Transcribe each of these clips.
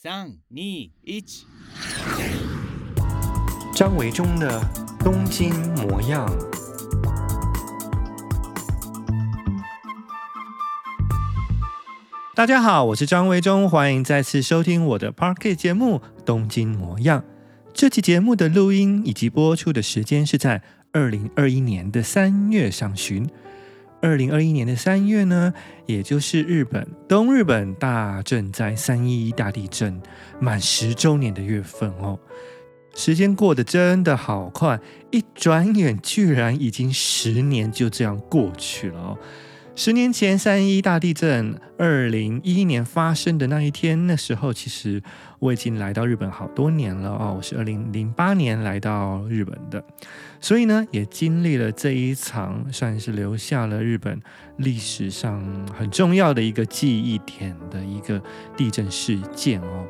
三、二、一。張維中的《東京模樣》，大家好，我是張維中，歡迎再次收聽我的 Podcast 節目《東京模樣》。這期節目的錄音以及播出的時間是在二零二一年的三月上旬。二零二一年的三月呢，也就是日本東日本大震災三一一大地震滿十週年的月份哦。時間過得真的好快，一轉眼居然已經十年就這樣過去了哦。十年前三一一大地震，二零一一年發生的那一天，那時候其實我已經來到日本好多年了哦，我是二零零八年來到日本的。所以呢，也經歷了這一場算是留下了日本歷史上很重要的一個記憶點的一個地震事件哦。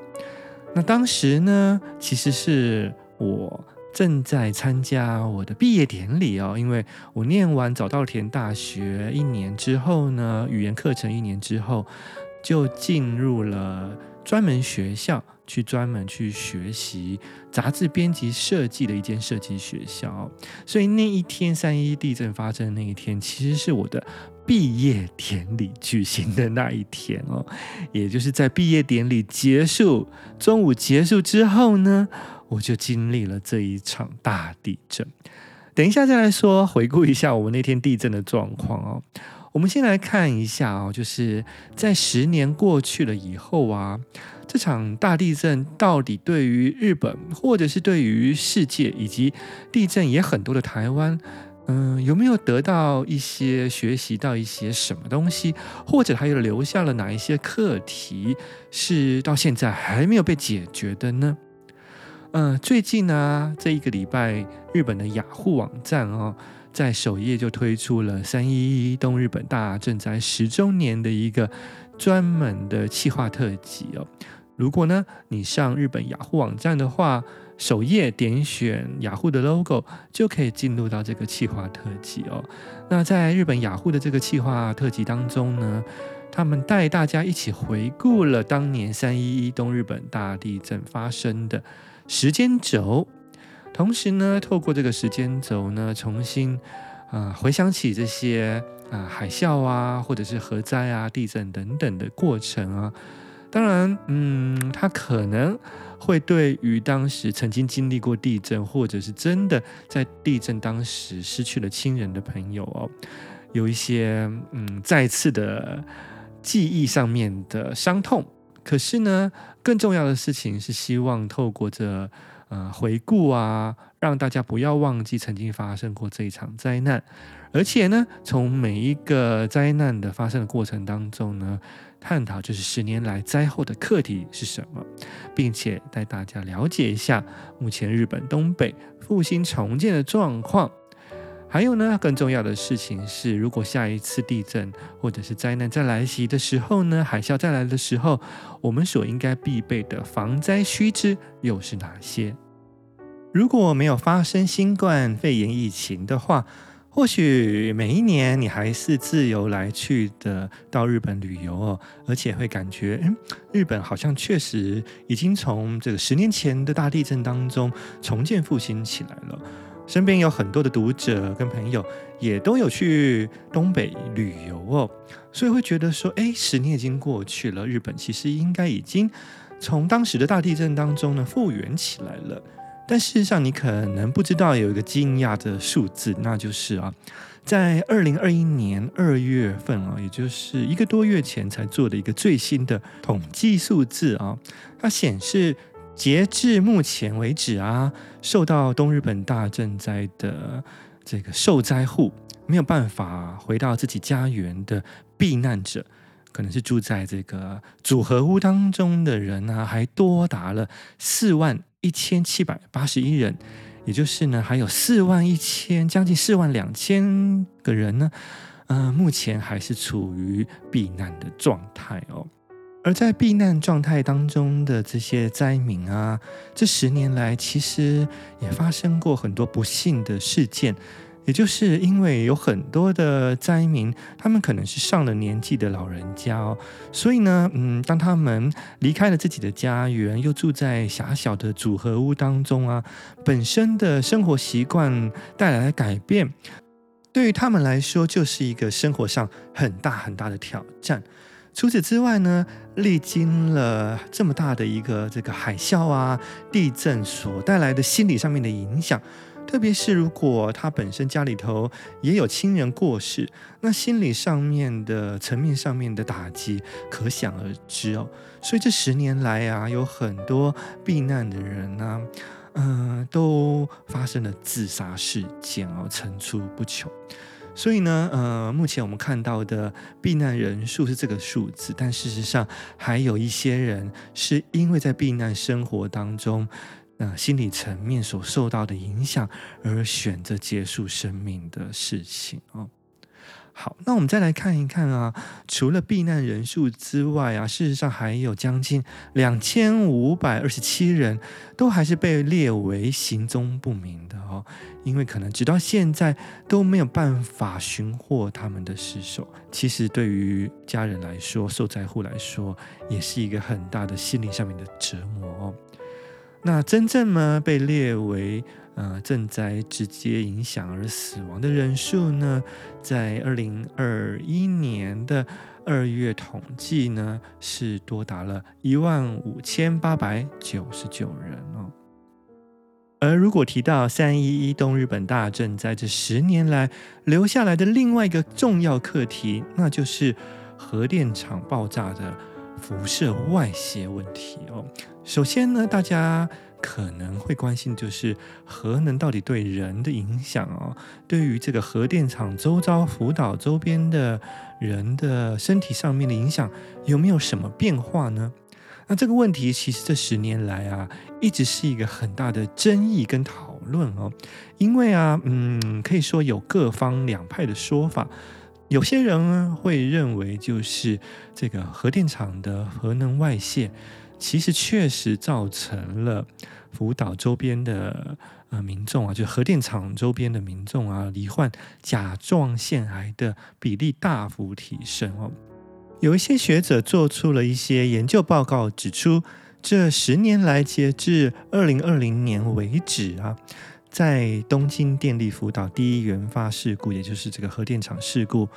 那當時呢，其實是我正在參加我的畢業典禮哦，因為我念完早稻田大學一年之後呢，語言課程一年之後，就進入了專門學校。去專門去學習雜誌編輯設計的一間設計學校，所以那一天三一地震發生的那一天，其實是我的畢業典禮舉行的那一天哦，也就是在畢業典禮結束，中午結束之後呢，我就經歷了這一場大地震。等一下再來說，回顧一下我們那天地震的狀況哦。我們先來看一下哦，就是在十年過去了以後啊，這場大地震到底對於日本，或者是對於世界，以及地震也很多的台灣，嗯，有沒有得到一些學習到一些什麼東西，或者還有留下了哪一些課題是到現在還沒有被解決的呢？嗯，最近呢、啊，這一個禮拜，日本的雅虎網站哦，在首頁就推出了三一一東日本大震災十週年的一個專門的企劃特輯哦。如果呢，你上日本雅虎網站的話，首頁點選雅虎的 logo，就可以進入到這個企劃特輯哦。那在日本雅虎的這個企劃特輯當中呢，他們帶大家一起回顧了當年三一一東日本大地震發生的時間軸，同時呢，透過這個時間軸呢，重新啊、呃、回想起這些啊、呃、海嘯啊，或者是核災啊、地震等等的過程啊。當然，嗯，他可能會對於當時曾經經歷過地震，或者是真的在地震當時失去了親人的朋友哦，有一些嗯再次的記憶上面的傷痛。可是呢，更重要的事情是希望透過這呃回顧啊，讓大家不要忘記曾經發生過這一場災難。而且呢，從每一個災難的發生的過程當中呢，探討這是十年來災後的課題是什麼，並且帶大家了解一下目前日本東北復興重建的狀況。還有呢，更重要的事情是，如果下一次地震或者是災難再來襲的時候呢，海嘯再來的時候，我們所應該必備的防災須知又是哪些？如果沒有發生新冠肺炎疫情的話。或許每一年你還是自由來去的到日本旅遊哦，而且會感覺，嗯，日本好像確實已經從這個十年前的大地震當中重建復興起來了。身邊有很多的讀者跟朋友也都有去東北旅遊哦，所以會覺得說，誒，十年已經過去了，日本其實應該已經從當時的大地震當中呢復原起來了。但事實上，你可能不知道有一個驚訝的數字，那就是啊，在二零二一年二月份啊，也就是一個多月前才做的一個最新的統計數字啊，它顯示截至目前為止啊，受到東日本大震災的這個受災戶沒有辦法回到自己家園的避難者，可能是住在這個組合屋當中的人呢、啊，還多達了四萬。一千七百八十一人，也就是呢，還有四萬一千，將近四萬兩千個人呢，呃，目前還是處於避難的狀態哦。而在避難狀態當中的這些災民啊，這十年來其實也發生過很多不幸的事件。也就是因為有很多的災民，他們可能是上了年紀的老人家哦，所以呢，嗯，當他們離開了自己的家園，又住在狹小的組合屋當中啊，本身的生活習慣帶來的改變，對於他們來說，就是一個生活上很大很大的挑戰。除此之外呢，歷經了這麼大的一個這個海嘯啊、地震所帶來的心理上面的影響。特別是如果他本身家裡頭也有親人過世，那心理上面的層面上面的打擊可想而知哦。所以這十年來啊，有很多避難的人呢、啊，嗯、呃，都發生了自殺事件哦，層出不窮。所以呢，呃，目前我們看到的避難人數是這個數字，但事實上還有一些人是因為在避難生活當中。那、呃、心理層面所受到的影響，而選擇結束生命的事情哦。好，那我們再來看一看啊，除了避難人數之外啊，事實上還有將近兩千五百二十七人都還是被列為行蹤不明的哦，因為可能直到現在都沒有辦法尋獲他們的屍首。其實對於家人來說，受災戶來說，也是一個很大的心理上面的折磨哦。那真正呢，被列為呃，震災直接影響而死亡的人數呢，在二零二一年的二月統計呢，是多達了一萬五千八百九十九人哦。而如果提到三一一東日本大震災這十年來留下來的另外一個重要課題，那就是核電廠爆炸的輻射外洩問題哦，首先呢，大家可能會關心就是核能到底對人的影響哦，對於這個核電廠周遭、福島周邊的人的身體上面的影響有沒有什麼變化呢？那這個問題其實這十年來啊，一直是一個很大的爭議跟討論哦，因為啊，嗯，可以說有各方兩派的說法。有些人會認為，就是這個核電廠的核能外泄，其實確實造成了福島周邊的呃民眾啊，就核電廠周邊的民眾啊，罹患甲狀腺癌的比例大幅提升哦。有一些學者做出了一些研究報告，指出這十年來，截至二零二零年為止啊。在東京電力福島第一原發事故，也就是這個核電廠事故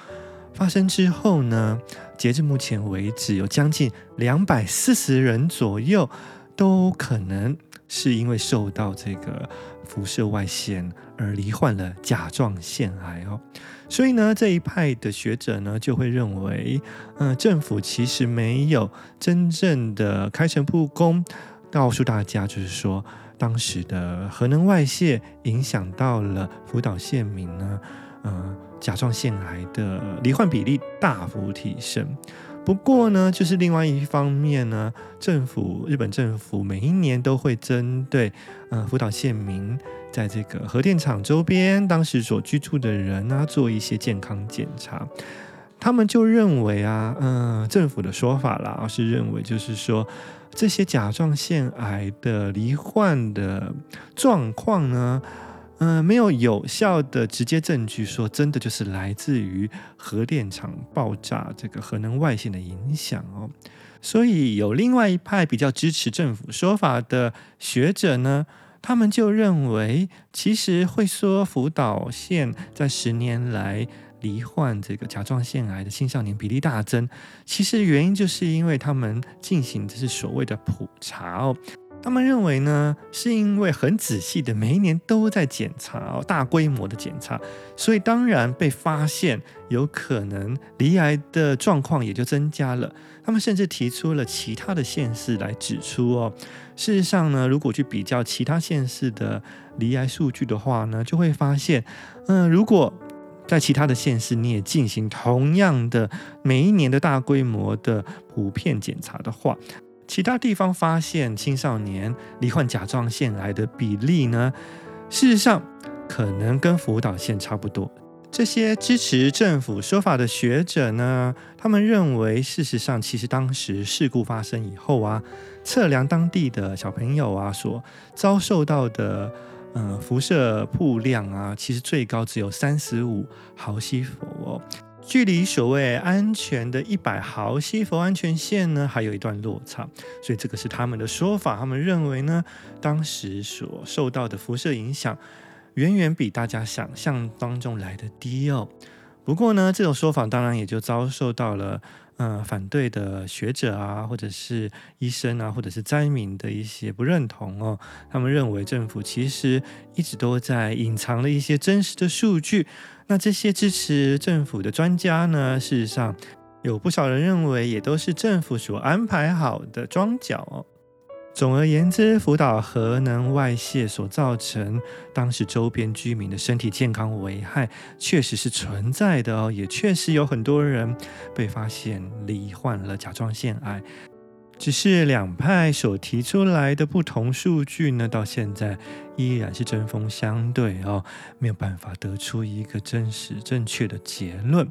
發生之後呢，截至目前為止，有將近兩百四十人左右都可能是因為受到這個輻射外洩而罹患了甲狀腺癌哦。所以呢，這一派的學者呢就會認為，嗯、呃，政府其實沒有真正的開誠布公告訴大家，就是說。當時的核能外泄影響到了福島縣民呢，呃，甲狀腺癌的罹患比例大幅提升。不過呢，就是另外一方面呢，政府、日本政府每一年都會針對呃福島縣民在這個核電廠周邊當時所居住的人啊，做一些健康檢查。他們就認為啊，嗯、呃，政府的說法啦，而是認為就是說。這些甲狀腺癌的罹患的狀況呢，嗯、呃，沒有有效的直接證據說真的就是來自於核電廠爆炸這個核能外泄的影響哦。所以有另外一派比較支持政府說法的學者呢，他們就認為，其實會說福島縣在十年來。罹患這個甲狀腺癌的青少年比例大增，其實原因就是因為他們進行的是所謂的普查哦。他們認為呢，是因為很仔細的每一年都在檢查哦，大規模的檢查，所以當然被發現有可能罹癌的狀況也就增加了。他們甚至提出了其他的縣市來指出哦，事實上呢，如果去比較其他縣市的罹癌數據的話呢，就會發現，嗯、呃，如果。在其他的縣市，你也進行同樣的每一年的大規模的普遍檢查的話，其他地方發現青少年罹患甲狀腺癌的比例呢，事實上可能跟福島縣差不多。這些支持政府說法的學者呢，他們認為，事實上其實當時事故發生以後啊，測量當地的小朋友啊所遭受到的。嗯，輻射曝量啊，其實最高只有三十五毫西弗哦，距離所謂安全的一百毫西弗安全線呢，還有一段落差。所以這個是他們的說法，他們認為呢，當時所受到的輻射影響，遠遠比大家想象當中來得低哦。不過呢，這種說法當然也就遭受到了。嗯，反對的學者啊，或者是醫生啊，或者是災民的一些不認同哦。他們認為政府其實一直都在隱藏了一些真實的數據。那這些支持政府的專家呢，事實上有不少人認為，也都是政府所安排好的樁腳哦。總而言之，福島核能外泄所造成當時周邊居民的身體健康危害確實是存在的哦，也確實有很多人被發現罹患了甲狀腺癌。只是兩派所提出來的不同數據呢，到現在依然是針鋒相對哦，沒有辦法得出一個真實正確的結論。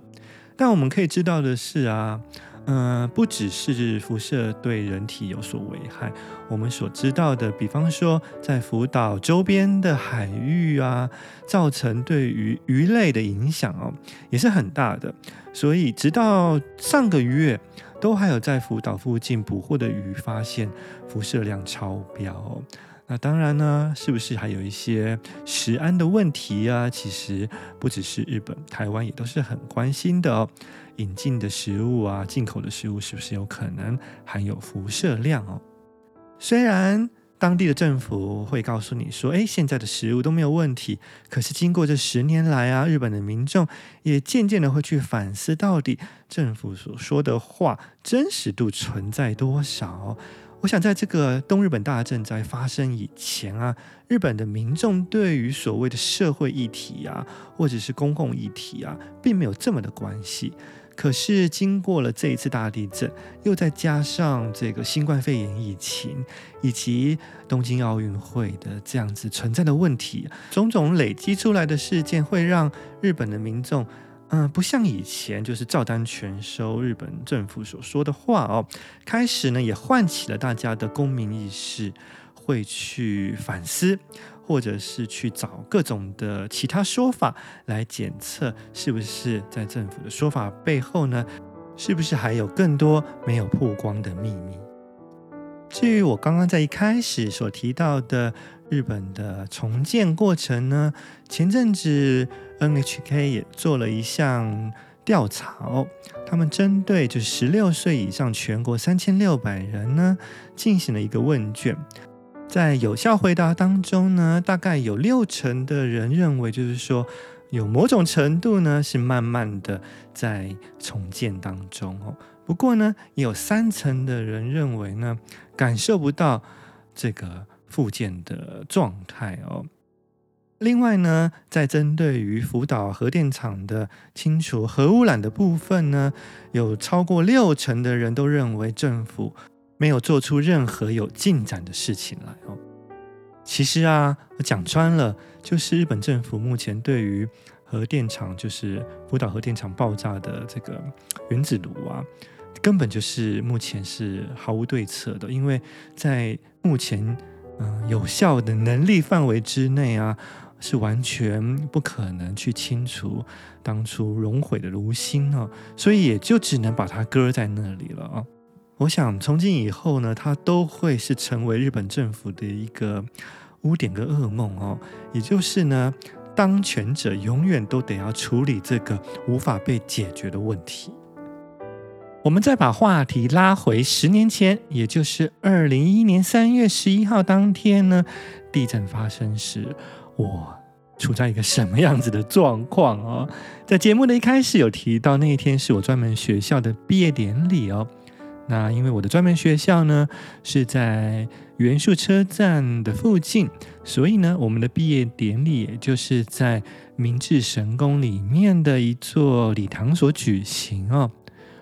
但我們可以知道的是啊，嗯，呃，不只是輻射對人體有所危害，我們所知道的，比方說在福島周邊的海域啊，造成對於魚類的影響哦，也是很大的。所以直到上個月，都還有在福島附近捕獲的魚發現輻射量超標哦。那當然呢，是不是還有一些食安的問題啊？其實不只是日本，台灣也都是很關心的哦。引進的食物啊，進口的食物是不是有可能含有輻射量哦？雖然當地的政府會告訴你說，誒，現在的食物都沒有問題，可是經過這十年來啊，日本的民眾也漸漸的會去反思，到底政府所說的話真實度存在多少？我想在這個東日本大震災發生以前啊，日本的民眾對於所謂的社會議題啊，或者是公共議題啊，並沒有這麼的關係。可是經過了這一次大地震，又再加上這個新冠肺炎疫情，以及東京奧運會的這樣子存在的問題，種種累積出來的事件，會讓日本的民眾。嗯，不像以前就是照單全收日本政府所說的話哦。開始呢，也喚起了大家的公民意識，會去反思，或者是去找各種的其他說法來檢測，是不是在政府的說法背後呢，是不是還有更多沒有曝光的秘密？至於我剛剛在一開始所提到的。日本的重建過程呢，前陣子 NHK 也做了一項調查，他們針對就十六歲以上全國三千六百人呢進行了一個問卷，在有效回答當中呢，大概有六成的人認為，就是說有某種程度呢是慢慢的在重建當中哦。不過呢，也有三成的人認為呢，感受不到這個。復建的狀態哦。另外呢，在針對於福島核電廠的清除核污染的部分呢，有超過六成的人都認為政府沒有做出任何有進展的事情來哦。其實啊，我講穿了，就是日本政府目前對於核電廠，就是福島核電廠爆炸的這個原子爐啊，根本就是目前是毫無對策的，因為在目前。嗯，有效的能力範圍之內啊，是完全不可能去清除當初熔毀的爐心哦。所以也就只能把它擱在那裡了啊。我想從今以後呢，它都會是成為日本政府的一個污點跟噩夢哦。也就是呢，當權者永遠都得要處理這個無法被解決的問題。我們再把話題拉回十年前，也就是二零一一年三月十一號當天呢，地震發生時，我處在一個什麼樣子的狀況哦？在節目的一開始有提到那一天是我專門學校的畢業典禮哦。那因為我的專門學校呢，是在原宿車站的附近，所以呢，我們的畢業典禮也就是在明治神宮裡面的一座禮堂所舉行哦。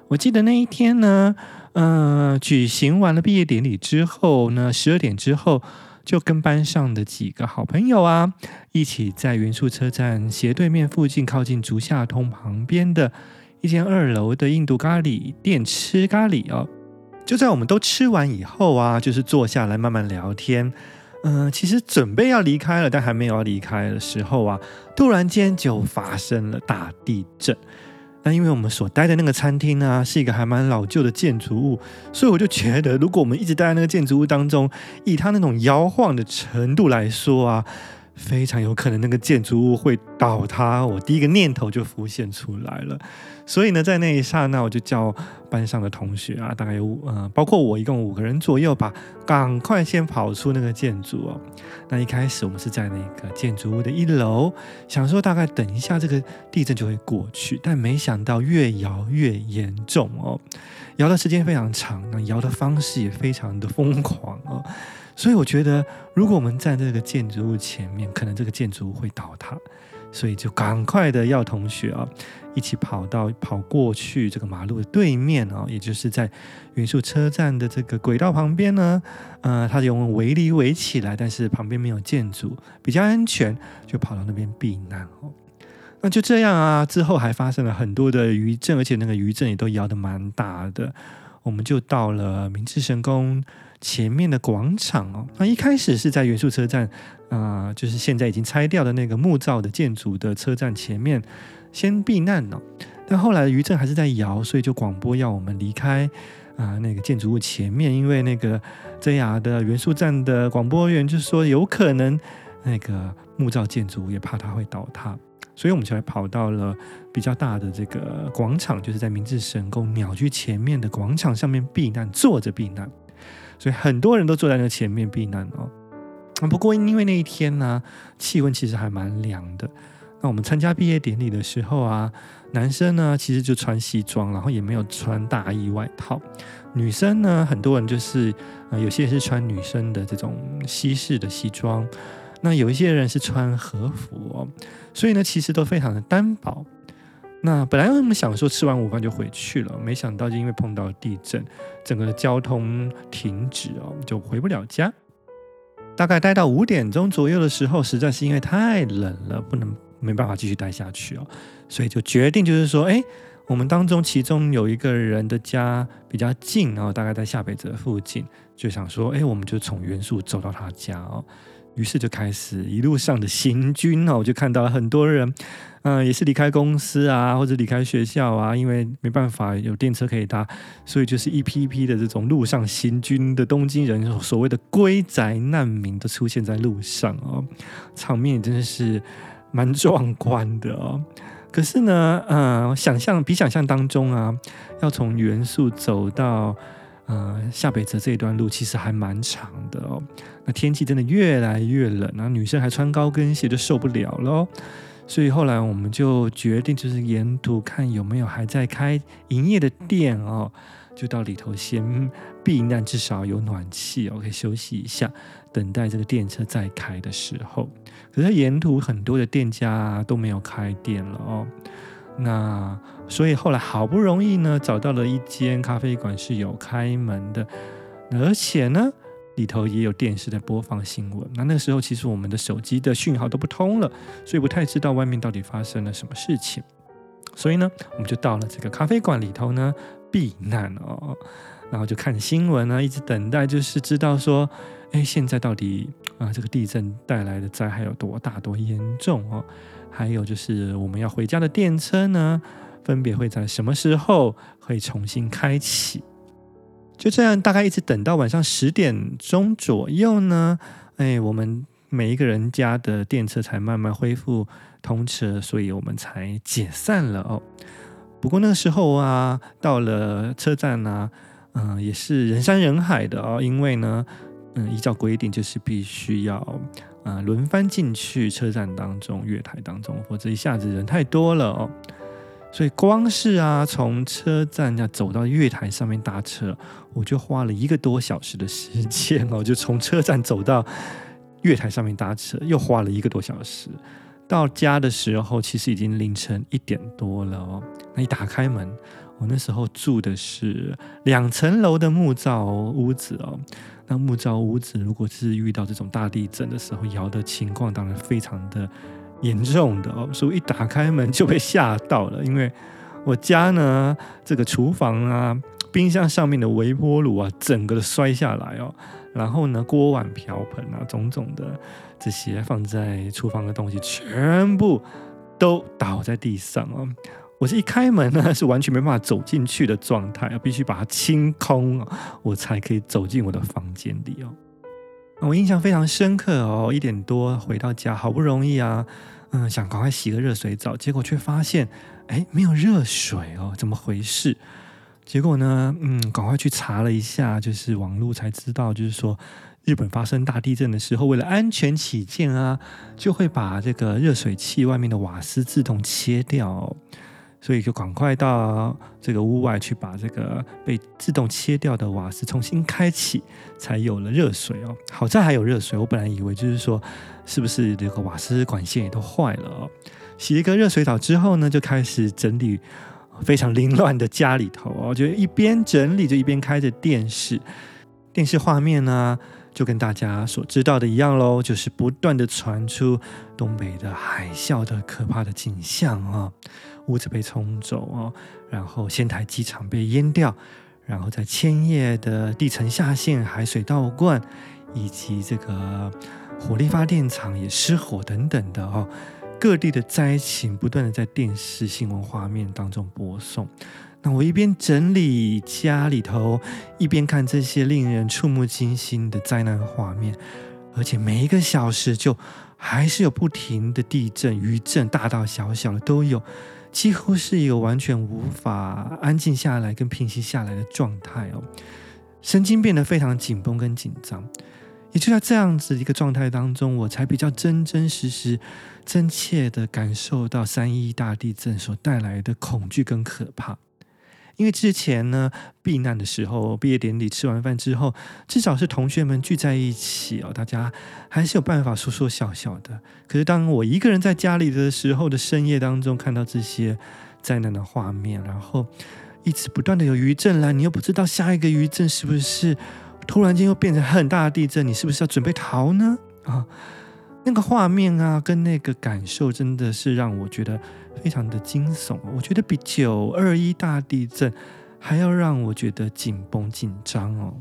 我記得那一天呢，嗯、呃，舉行完了畢業典禮之後呢，十二點之後就跟班上的幾個好朋友啊，一起在原宿車站斜對面附近、靠近竹下通旁邊的一間二樓的印度咖喱店吃咖喱哦。就在我們都吃完以後啊，就是坐下來慢慢聊天，嗯、呃，其實準備要離開了，但還沒有要離開的時候啊，突然間就發生了大地震。但因為我們所待的那個餐廳呢、啊，是一個還蠻老舊的建築物，所以我就覺得，如果我們一直待在那個建築物當中，以它那種搖晃的程度來說啊，非常有可能那個建築物會倒塌。我第一個念頭就浮現出來了。所以呢，在那一剎那，我就叫班上的同學啊，大概有呃，包括我一共五個人左右吧，趕快先跑出那個建築哦。那一開始我們是在那個建築物的一樓，想說大概等一下這個地震就會過去，但沒想到越搖越嚴重哦，搖的時間非常長，那、啊、搖的方式也非常的瘋狂哦。所以我覺得，如果我們站在這個建築物前面，可能這個建築物會倒塌，所以就趕快的要同學啊。一起跑到跑過去這個馬路的對面哦，也就是在原宿車站的這個軌道旁邊呢。嗯、呃，它用圍籬圍起來，但是旁邊沒有建築，比較安全，就跑到那邊避難哦。那就這樣啊，之後還發生了很多的餘震，而且那個餘震也都搖得蠻大的。我們就到了明治神宮前面的廣場哦。那一開始是在原宿車站啊、呃，就是現在已經拆掉的那個木造的建築的車站前面。先避難呢、哦，但後來餘震還是在搖，所以就廣播要我們離開啊、呃、那個建築物前面，因為那個 JR 的原宿站的廣播員就說有可能那個木造建築物也怕它會倒塌，所以我們就來跑到了比較大的這個廣場，就是在明治神宮鳥居前面的廣場上面避難，坐着避難，所以很多人都坐在那個前面避難哦。不過因為那一天呢、啊，氣溫其實還蠻涼的。那我們參加畢業典禮的時候啊，男生呢，其實就穿西裝，然後也沒有穿大衣外套。女生呢，很多人就是啊，呃，有些是穿女生的這種西式的西裝，那有一些人是穿和服哦，所以呢，其實都非常的單薄。那本來我們想說吃完午飯就回去了，沒想到就因為碰到了地震，整個的交通停止哦，就回不了家。大概待到五點鐘左右的時候，實在是因為太冷了，不能。沒辦法繼續待下去哦，所以就決定就是說，哎，我們當中其中有一個人的家比較近哦，然後大概在下北澤附近，就想說，哎，我們就從原宿走到他家哦。於是就開始一路上的行軍哦，我就看到了很多人呃，嗯，也是離開公司啊，或者離開學校啊，因為沒辦法有電車可以搭，所以就是一批批的這種路上行軍的東京人，所謂的歸宅難民都出現在路上哦，場面真的是，蠻壯觀的哦，可是呢，呃，想象比想象當中啊，要從元素走到呃下北澤這一段路，其實還蠻長的哦。那天氣真的越來越冷，然後女生還穿高跟鞋就受不了了。所以後來我們就決定，就是沿途看有沒有還在開營業的店哦，就到裡頭先避難，至少有暖氣哦，可以休息一下。等待這個電車再開的時候，可是沿途很多的店家都沒有開店了哦。那所以後來好不容易呢，找到了一間咖啡館是有開門的，而且呢裡頭也有電視在播放新聞。那那個時候其實我們的手機的訊號都不通了，所以不太知道外面到底發生了什麼事情。所以呢，我們就到了這個咖啡館裡頭呢避難哦，然後就看新聞呢，一直等待，就是知道說。誒，現在到底啊、呃，這個地震帶來的災害有多大多嚴重哦？還有就是我們要回家的電車呢，分別會在什麼時候會重新開啟？就這樣，大概一直等到晚上十點鐘左右呢，誒，我們每一個人家的電車才慢慢恢復通車，所以我們才解散了哦。不過那個時候啊，到了車站啊，嗯、呃，也是人山人海的哦，因為呢。嗯，依照規定就是必須要啊呃、輪番進去車站當中、月台當中，否則一下子人太多了哦。所以光是啊從車站要、啊、走到月台上面搭車，我就花了一個多小時的時間哦。就從車站走到月台上面搭車，又花了一個多小時。到家的時候其實已經凌晨一點多了哦。那一打開門，我那時候住的是兩層樓的木造、哦、屋子哦。那木造屋子，如果是遇到這種大地震的時候，搖的情況當然非常的嚴重的哦，所以一打開門就被嚇到了。因為我家呢，這個廚房啊，冰箱上面的微波爐啊，整個的摔下來哦，然後呢，鍋碗瓢盆啊，種種的這些放在廚房的東西，全部都倒在地上哦。我是一開門呢、啊，是完全沒辦法走進去的狀態，要必須把它清空我才可以走進我的房間裡哦、啊。我印象非常深刻哦，一點多回到家，好不容易啊，嗯，想趕快洗個熱水澡，結果卻發現，哎、欸，沒有熱水哦，怎麼回事？結果呢，嗯，趕快去查了一下，就是網路才知道，就是說日本發生大地震的時候，為了安全起見啊，就會把這個熱水器外面的瓦斯自動切掉、哦。所以就趕快到這個屋外去，把這個被自動切掉的瓦斯重新開啟，才有了熱水哦。好在還有熱水，我本來以為就是說，是不是這個瓦斯管線也都壞了哦？洗一個熱水澡之後呢，就開始整理非常凌亂的家裡頭哦，就一邊整理就一邊開着電視，電視畫面呢就跟大家所知道的一樣嘍，就是不斷地傳出東北的海嘯的可怕的景象啊、哦。屋子被沖走哦，然後仙台機場被淹掉，然後在千葉的地層下陷，海水倒灌，以及這個火力發電廠也失火等等的哦，各地的災情不斷的在電視新聞畫面當中播送。那我一邊整理家裡頭，一邊看這些令人觸目驚心的災難畫面，而且每一個小時就還是有不停的地震、餘震，大大小小的都有。幾乎是一個完全無法安靜下來、跟平息下來的狀態哦，神經變得非常緊繃跟緊張。也就在這樣子一個狀態當中，我才比較真真實實、真切的感受到311大地震所帶來的恐懼跟可怕。因為之前呢，避難的時候，畢業典禮吃完飯之後，至少是同學們聚在一起哦，大家還是有辦法說說笑笑的。可是當我一個人在家裡的時候的深夜當中，看到這些災難的畫面，然後一直不斷的有餘震來，你又不知道下一個餘震是不是突然間又變成很大的地震，你是不是要準備逃呢？啊，那個畫面啊，跟那個感受，真的是讓我覺得。非常的驚悚，我覺得比九二一大地震還要讓我覺得緊繃緊張哦。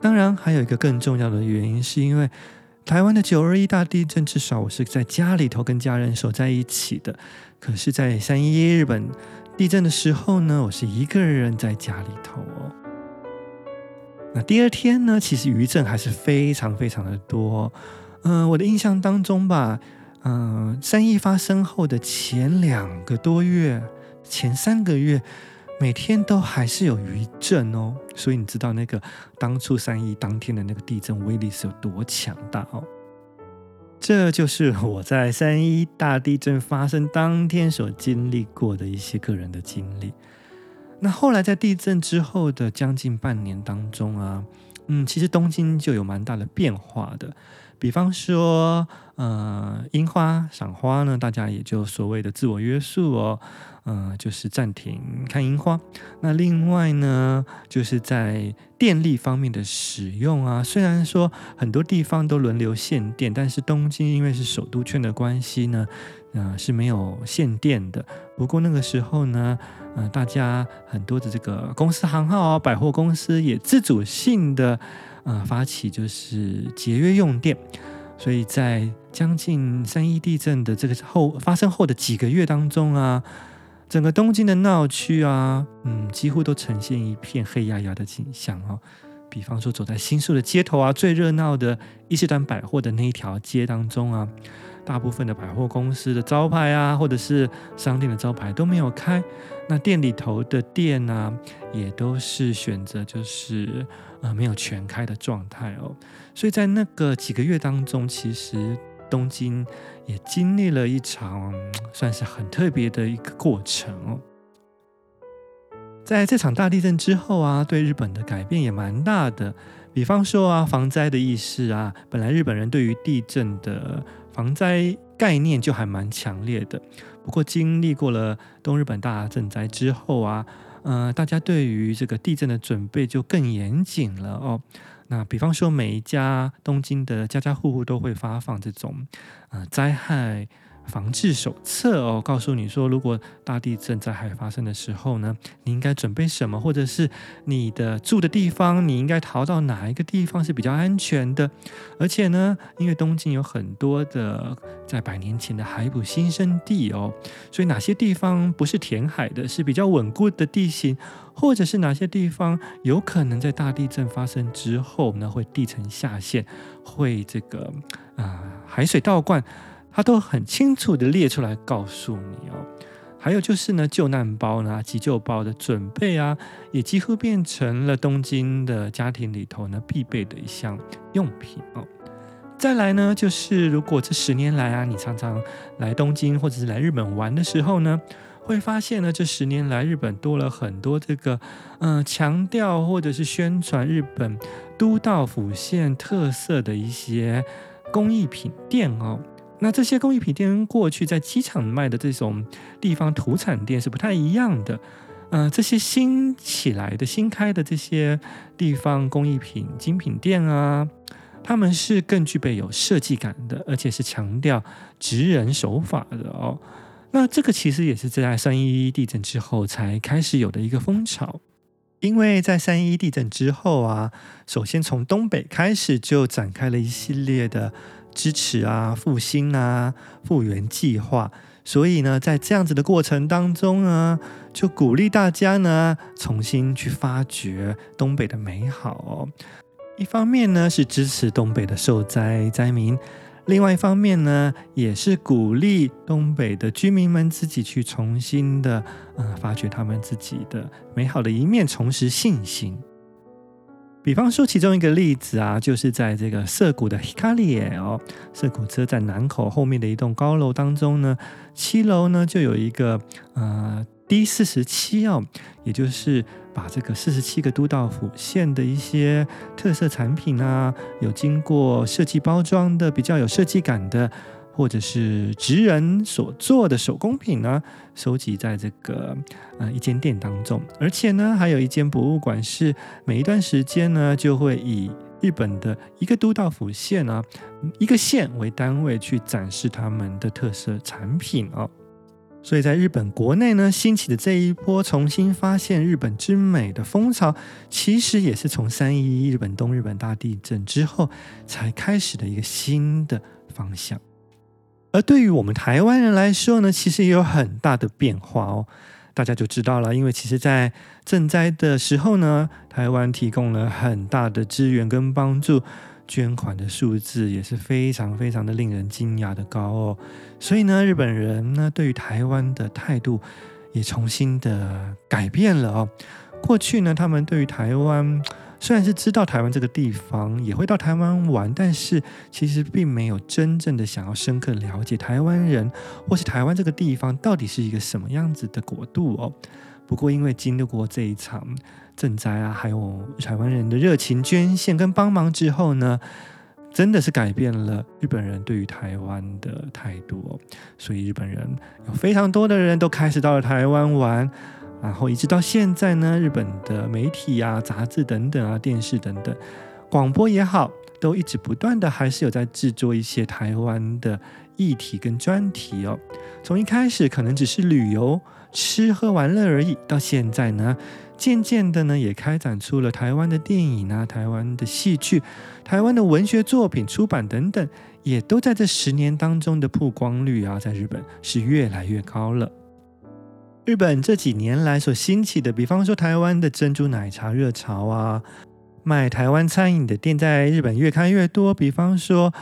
當然，還有一個更重要的原因，是因為台灣的九二一大地震，至少我是在家裡頭跟家人守在一起的；可是，在三一一日本地震的時候呢，我是一個人在家裡頭哦。那第二天呢，其實餘震還是非常非常的多，哦。嗯、呃，我的印象當中吧。嗯，三一發生後的前兩個多月、前三個月，每天都還是有餘震哦。所以你知道那個當初三一當天的那個地震威力是有多強大哦。這就是我在三一大地震發生當天所經歷過的一些個人的經歷。那後來在地震之後的將近半年當中啊，嗯，其實東京就有蠻大的變化的，比方說。呃，櫻花賞花呢，大家也就所謂的自我約束哦，嗯、呃，就是暫停看櫻花。那另外呢，就是在電力方面的使用啊，雖然說很多地方都輪流限電，但是東京因為是首都圈的關係呢，呃，是沒有限電的。不過那個時候呢，呃，大家很多的這個公司行號啊，百貨公司也自主性的呃，發起就是節約用電。所以在將近三一地震的這個後發生後的幾個月當中啊，整個東京的鬧區啊，嗯，幾乎都呈現一片黑壓壓的景象啊，哦，比方說，走在新宿的街頭啊，最熱鬧的伊勢丹百貨的那一條街當中啊，大部分的百貨公司的招牌啊，或者是商店的招牌都沒有開，那店裡頭的店啊，也都是選擇就是。啊、呃，沒有全開的狀態哦，所以在那個幾個月當中，其實東京也經歷了一場、嗯、算是很特別的一個過程、哦。在這場大地震之後啊，對日本的改變也蠻大的。比方說啊，防災的意識啊，本來日本人對於地震的防災概念就還蠻強烈的，不過經歷過了東日本大震災之後啊。嗯、呃，大家對於這個地震的準備就更嚴謹了哦。那比方說，每一家東京的家家戶戶都會發放這種，呃，災害。防治手冊哦，告訴你說，如果大地震災害發生的時候呢，你應該準備什麼，或者是你的住的地方，你應該逃到哪一個地方是比較安全的。而且呢，因為東京有很多的在百年前的海埔新生地哦，所以哪些地方不是填海的，是比較穩固的地形，或者是哪些地方有可能在大地震發生之後呢，會地層下陷，會這個啊、呃、海水倒灌。他都很清楚的列出來告訴你哦，還有就是呢，救難包呢、急救包的準備啊，也幾乎變成了東京的家庭裡頭呢必備的一項用品哦。再來呢，就是如果這十年來啊，你常常來東京或者是來日本玩的時候呢，會發現呢，這十年來日本多了很多這個嗯、呃、強調或者是宣傳日本都道府縣特色的一些工藝品店哦。那這些工藝品店跟過去在機場賣的這種地方土產店是不太一樣的，呃，這些新起來的新開的這些地方工藝品精品店啊，他們是更具備有設計感的，而且是強調職人手法的哦。那這個其實也是在三一一地震之後才開始有的一個風潮，因為在三一一地震之後啊，首先從東北開始就展開了一系列的。支持啊，復興啊，復原計劃。所以呢，在這樣子的過程當中呢啊，就鼓勵大家呢，重新去發掘東北的美好。一方面呢，是支持東北的受災災民；另外一方面呢，也是鼓勵東北的居民們自己去重新的，呃，發掘他們自己的美好的一面，重拾信心。比方說，其中一個例子啊，就是在這個澀谷的 Hikarie 哦，澀谷車站南口後面的一棟高樓當中呢，七樓呢就有一個呃 D47 哦，也就是把這個四十七個都道府縣的一些特色產品啊，有經過設計包裝的，比較有設計感的。或者是職人所做的手工品呢，收集在這個呃一間店當中，而且呢，還有一間博物館，是每一段時間呢，就會以日本的一個都道府縣啊，一個縣為單位去展示他們的特色產品哦。所以在日本國內呢，興起的這一波重新發現日本之美的風潮，其實也是從311日本東日本大地震之後才開始的一個新的方向。而對於我們台灣人來說呢，其實也有很大的變化哦。大家就知道了，因為其實，在賑災的時候呢，台灣提供了很大的資源跟幫助，捐款的數字也是非常非常的令人驚訝的高哦。所以呢，日本人呢，對於台灣的態度也重新的改變了哦。過去呢，他們對於台灣，雖然是知道台灣這個地方，也會到台灣玩，但是其實並沒有真正的想要深刻了解台灣人或是台灣這個地方到底是一個什麼樣子的國度哦。不過因為經歷過這一場震災啊，還有台灣人的熱情捐獻跟幫忙之後呢，真的是改變了日本人對於台灣的態度哦。所以日本人有非常多的人都開始到了台灣玩。然後一直到現在呢，日本的媒體啊、雜誌等等啊、電視等等、廣播也好，都一直不斷的還是有在制作一些台灣的議題跟專題哦。從一開始可能只是旅遊、吃喝玩樂而已，到現在呢，漸漸的呢也開展出了台灣的電影啊、台灣的戲劇、台灣的文學作品出版等等，也都在這十年當中的曝光率啊，在日本是越來越高了。日本這幾年來所興起的，比方說台灣的珍珠奶茶熱潮啊，賣台灣餐飲的店在日本越開越多。比方說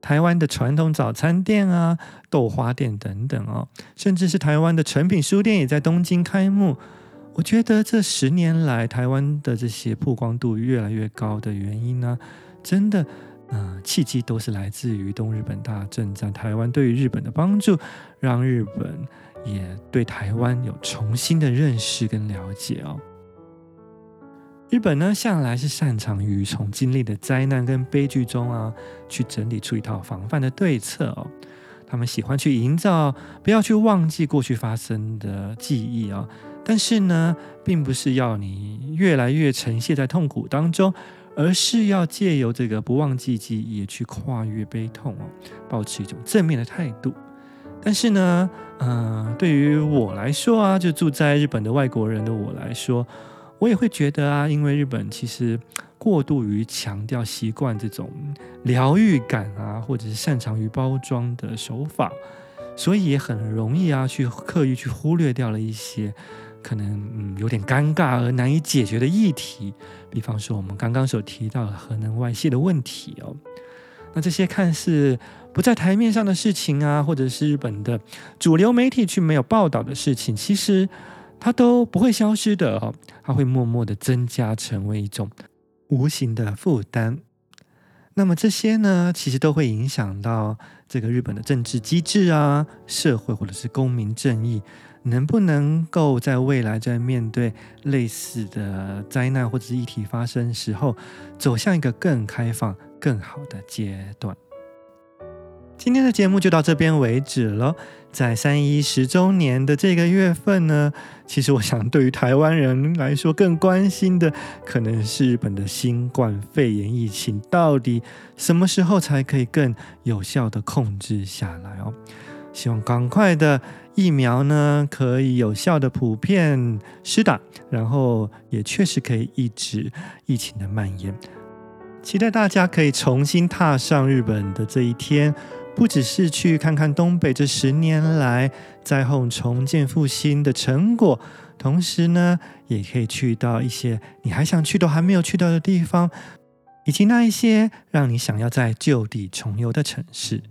台灣的傳統早餐店啊、豆花店等等哦、啊，甚至是台灣的誠品書店也在東京開幕。我覺得這十年來台灣的這些曝光度越來越高的原因呢、啊，真的，呃、嗯，契機都是來自於東日本大震災，台灣對於日本的幫助，讓日本。也對台灣有重新的認識跟了解哦。日本呢，向來是擅長於從經歷的災難跟悲劇中啊，去整理出一套防範的對策哦。他們喜歡去營造，不要去忘記過去發生的記憶哦，但是呢，並不是要你越來越沉陷在痛苦當中，而是要借由這個不忘記記憶也去跨越悲痛哦，保持一種正面的態度。但是呢，嗯、呃，對於我來說啊，就住在日本的外國人的我來說，我也會覺得啊，因為日本其實過度於強調習慣這種療癒感啊，或者是擅長於包裝的手法，所以也很容易啊去刻意去忽略掉了一些可能嗯有點尷尬而難以解決的議題，比方說我們剛剛所提到的核能外洩的問題哦，那這些看似。不在台面上的事情啊，或者是日本的主流媒體去沒有報道的事情，其實它都不會消失的哈、哦，它會默默的增加，成為一種無形的負擔。那麼這些呢，其實都會影響到這個日本的政治機制啊，社會或者是公民正義，能不能夠在未來在面對類似的災難或者是議題發生時候，走向一個更開放、更好的階段。今天的節目就到這邊為止了。在311十週年的這個月份呢，其實我想對於台灣人來說，更關心的可能是日本的新冠肺炎疫情到底什麼時候才可以更有效的控制下來哦。希望趕快的疫苗呢可以有效的普遍施打，然後也確實可以抑制疫情的蔓延。期待大家可以重新踏上日本的這一天。不只是去看看東北這十年來災後重建復興的成果，同時呢，也可以去到一些你還想去都還沒有去到的地方，以及那一些讓你想要再舊地重遊的城市。